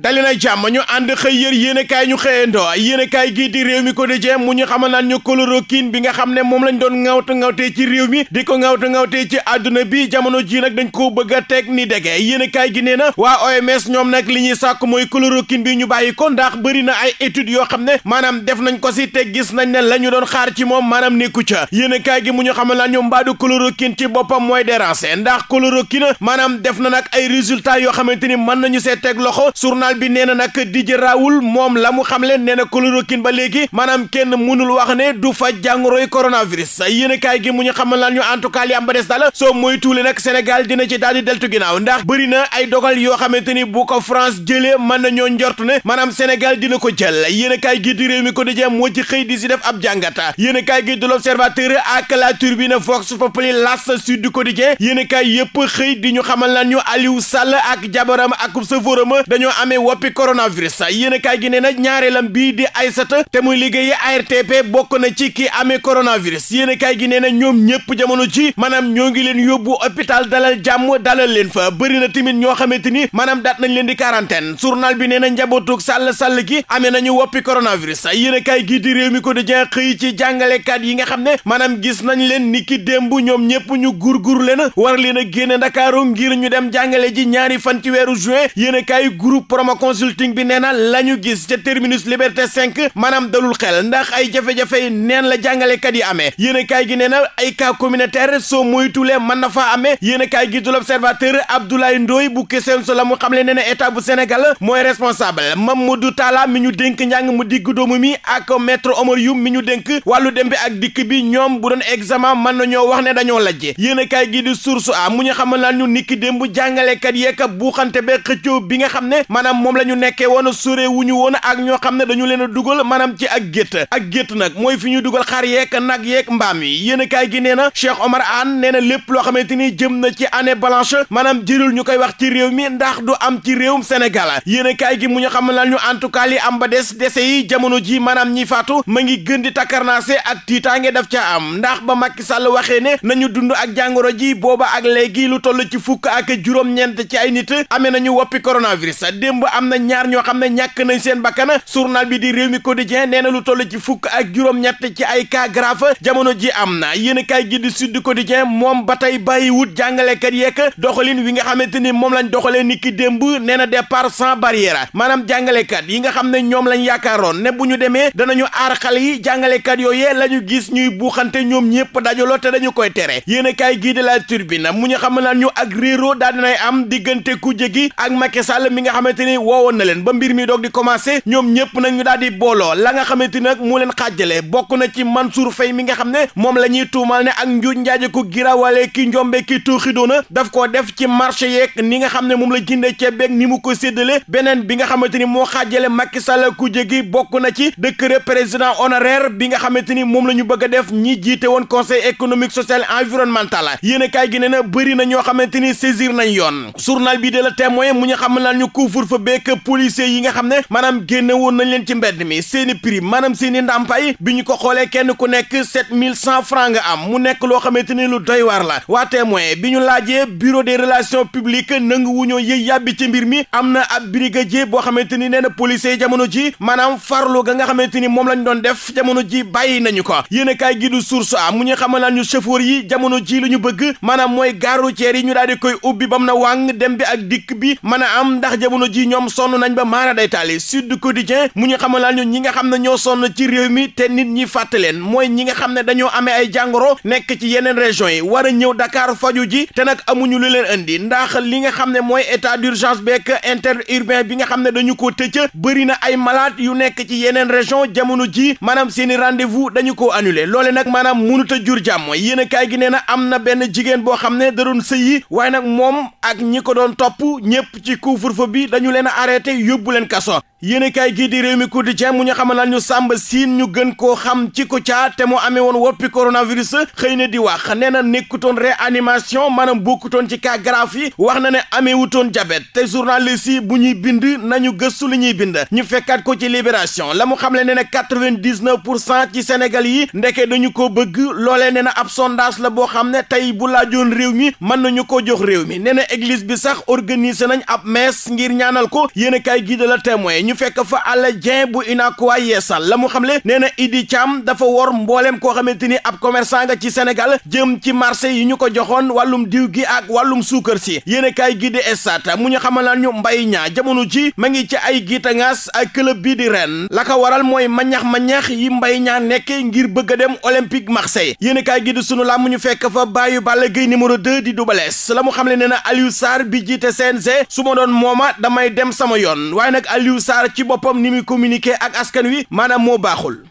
dali na jàmm ñu ànd xëy yër yéenekaay ñu xëyee xëyandoo yéenekaay gii di réew mi ko quotidien mu ñu xamal naan ñu kiin bi nga xam ne moom lañu doon ŋawtu ŋawtee ci réew mi di ko ŋawtu ŋawtee ci àdduna bi jamono ji nag dañ ko bëgg a teg ni dege yéenekaay gi nee na waa OMS ñoom nag li ñuy sàkk mooy kiin bi ñu bàyyi ko ndax bëri na ay études yoo xam ne maanaam def nañ ko si te gis nañ ne la ñu doon xaar ci moom maanaam nekku ca yéenekaay gi mu ñu xamal naan ñu mbaadu chloroquine ci boppam mooy déranger ndax chloroquine maanaam def nag ay résultats yoo xamante ni mën nañu see teg loxo journal bi nee na nag Didier Raoult moom la mu xamle nee na chloroquine ba léegi maanaam kenn mënul wax ne du fa jàngoroy coronavirus yéen kaay gi mu ñu xamal laan ñu en tout cas li am ba des daal soo mooy tuule nag Sénégal dina ci daal di deltu ginnaaw ndax na ay dogal yoo xamante ni bu ko ñoo njort ne maanaam Sénégal dina ko jël yéen kaay gi di réew mi ko dëjee moo ci xëy di si def ab jàngata yéen kaay gi de l'Observateur ak La Tribune Vox Populi L'As Sud Quotidien yéen kaay yëpp di ñu ak jabaram ak sëfóoram ne woppi coronavirus yéen a kaay gi nee na ñaareelam bii di Aysata te muy liggéeyi ARTP bokk na ci kii amee coronavirus yéen a kaay gi nee na ñoom ñëpp jamono ci maanaam ñoo ngi leen yóbbu opital dalal jàmm dalal leen fa bëri na tamit ñoo xamante ni maanaam daat nañ leen di quarantaine journal bi nee na njabootug sàll sàll gi amee nañu woppi coronavirus yéen a kaay gi di réew mi ko di jen xëy ci jàngalekat yi nga xam ne maanaam gis nañ leen ni ki démb ñoom ñëpp ñu gurgur leen war leen a génne Ndakaaru ngir ñu dem jàngale ji ñaari fan ci weeru juin yéen Arma consulting bi nee na la ñu gis ca terminus liberté 5 maanaam dalul xel ndax ay jafe-jafe neen la jàngalekat yi amee yéen a kaay gi nee na ay ka communautaire soo moytuwulee mën na faa amee yéen a kaay gi du l'observateur Abdoulaye Ndoye bu keseen so la mu xamle nee na état bu Sénégal mooy responsable du Talla mi ñu denk njàng mu digg doomu mi ak maître Omar Youm mi ñu denk wallu dem bi ak dikk bi ñoom bu doon examen na nañoo wax ne dañoo lajje yéen a kaay gi di source a mu ñu xamal naa ñu niki démb jàngalekat yeeka buuxante ba xëccoo bi nga xam ne maanaam moom la ñu nekkee woon sore wu ñu woon ak ñoo xam ne dañu leen a dugal maanaam ci ak gétt ak gétt nag mooy fi ñu dugal xar yeeg nag yeeg mbaam yi yéen a kaay gi nee na Cheikh Omar Anne nee na lépp loo xamante ni jëm na ci année blanche maanaam jërul ñu koy wax ci réew mi ndax du am ci réewum Sénégal yéen a kaay gi mu ñu xam lan ñu en tout cas li am ba des dese yi jamono ji maanaam ñi faatu ma ngi gën di takkarnaase ak tiitaange daf ca am ndax ba Macky Sall waxee ne na ñu dund ak jàngoro ji booba ak léegi lu toll ci fukk ak juróom-ñeent ci ay nit amee nañu woppi coronavirus démb am na ñaar ñoo xam ne ñàkk nañ seen bakkan journal bi di réew mi quotidien nee na lu toll ci fukk ak juróom-ñett ci ay cas grave ji am na yéen kaay gi di sud quotidien moom ba tey bàyyiwut jàngalekat yeek doxalin wi nga xamante ni moom lañ doxalee ni ki démb nee na départ sans barrière maanaam jàngalekat yi nga xam ne ñoom lañ yaakaaroon ne bu ñu demee danañu aar xale yi jàngalekat yooyee la ñu gis ñuy buuxante ñoom ñëpp dajaloo te dañu koy tere yéen kaay gi di la turbine mu ñu xam naa ñu ak réeroo daal dinay am ku jégi ak Macky Sall mi nga xamante ni ni woowoon na leen ba mbir mi doog di commencé ñoom ñëpp nag ñu daal di booloo la nga xamante nag mu leen xaajale bokk na ci Mansour Faye mi nga xam ne moom la ñuy tuumal ne ak njuuj njaaje ko giraawale ki njombe ki tooxidoona daf koo def ci marché yeeg ni nga xam ne moom la jindee ceeb beeg ni mu ko séddale beneen bi nga xamante ni moo xaajale Macky Sall ku bokk na ci décret président honoraire bi nga xamante ni moom la ñu bëgg a def ñi jiite woon conseil économique social environnemental yéen kaay gi nee na bëri na ñoo xamante ni saisir nañ yoon journal bi de la beek policiers yi nga xam ne maanaam génne woon nañ leen ci mbedd mi seeni i prime seeni seen bi ñu ko xoolee kenn ku nekk sept mille cent franc nga am mu nekk loo xamante ni lu doy waar la waa témoin bi ñu laajee biro de relations publiques nangu wuñoo yëy ci mbir mi am na ab brigadier boo xamante ni nee na policiers yi jamono ji maanaam farlu ga nga xamante ni moom la lañ doon def jamono ji bàyyi nañu ko yéen a kaay gi am mu ñu xamal naa ñu chauffeur yi jamono ji lu ñu bëgg maanaam mooy gare routière yi ñu daal di koy ubbi bam na wàng dem bi ak dikk bi mën a am ndax jamono ji yi ñoom sonn nañ ba maana day taali Sud Quotidien mu ñu xamal laal ñu ñi nga xam ne ñoo sonn ci réew mi te nit ñi fàtte leen mooy ñi nga xam ne dañoo amee ay jàngoro nekk ci yeneen région yi war a ñëw Dakar faju ji te nag amuñu lu leen indi ndax li nga xam ne mooy état d'urgence beek interurbain bi nga xam ne dañu ko tëcc bëri na ay malaat yu nekk ci yeneen région jamono ji maanaam seeni rendez-vous dañu ko annulé loole nag maanaam mënut a jur jàmm yéen a kaay gi nee na am na benn jigéen boo xam ne da doon sëyi waaye nag moom ak ñi ko doon topp ñëpp ci couvre leen a arrêté yóbbu leen kaso yéen kaay gii di réew mi quotidien mu ñu xamal naan ñu Samba Sine ñu gën koo xam ci ko Kouthia te mu amee woon woppi coronavirus xëy na di wax nee na nekkutoon réanimation maanaam bokkutoon ci cas grave yi wax na ne amee wutoon diabète te journaliste yi bu ñuy bind na ñu gëstu li ñuy bind ñu fekkaat ko ci libération la mu xamle nee na quatre-vingt-dix-neuf pour cent ci Sénégal yi ndeke dañu ko bëgg loolee nee na ab sondage la boo xam ne tey bu laajoon réew mi mën nañu ko jox réew mi nee na église bi sax organiser nañ ab messe ngir fitnaal ko yéen a kaay gii la témoin ñu fekk fa àlla jeen bu inaakuwaa yeesal la mu xam le nee na Idi Thiam dafa wor mbooleem koo xamante ni ab commerçant nga ci Sénégal jëm ci marché yi ñu ko joxoon wàllum diw gi ak wàllum suukar si yéen a kaay gii de Esat mu ñu xamal laan ñu mbay ñaa jamono ji ma ngi ci ay giita ngaas ak club bii di ren la ko waral mooy mañax-mañax yi mbay ñaa nekk ngir bëgg a dem Olympique Marseille yéen a kaay gii de sunu làmb ñu fekk fa bàyyu Balla Gaye numéro 2 di Double la mu xam le nee na Aliou Sarr bi jiite CNG su ma doon mooma dem sama yoon waaye nag Aliou saar ci boppam ni muy communiquer ak askan wi maanaam moo baaxul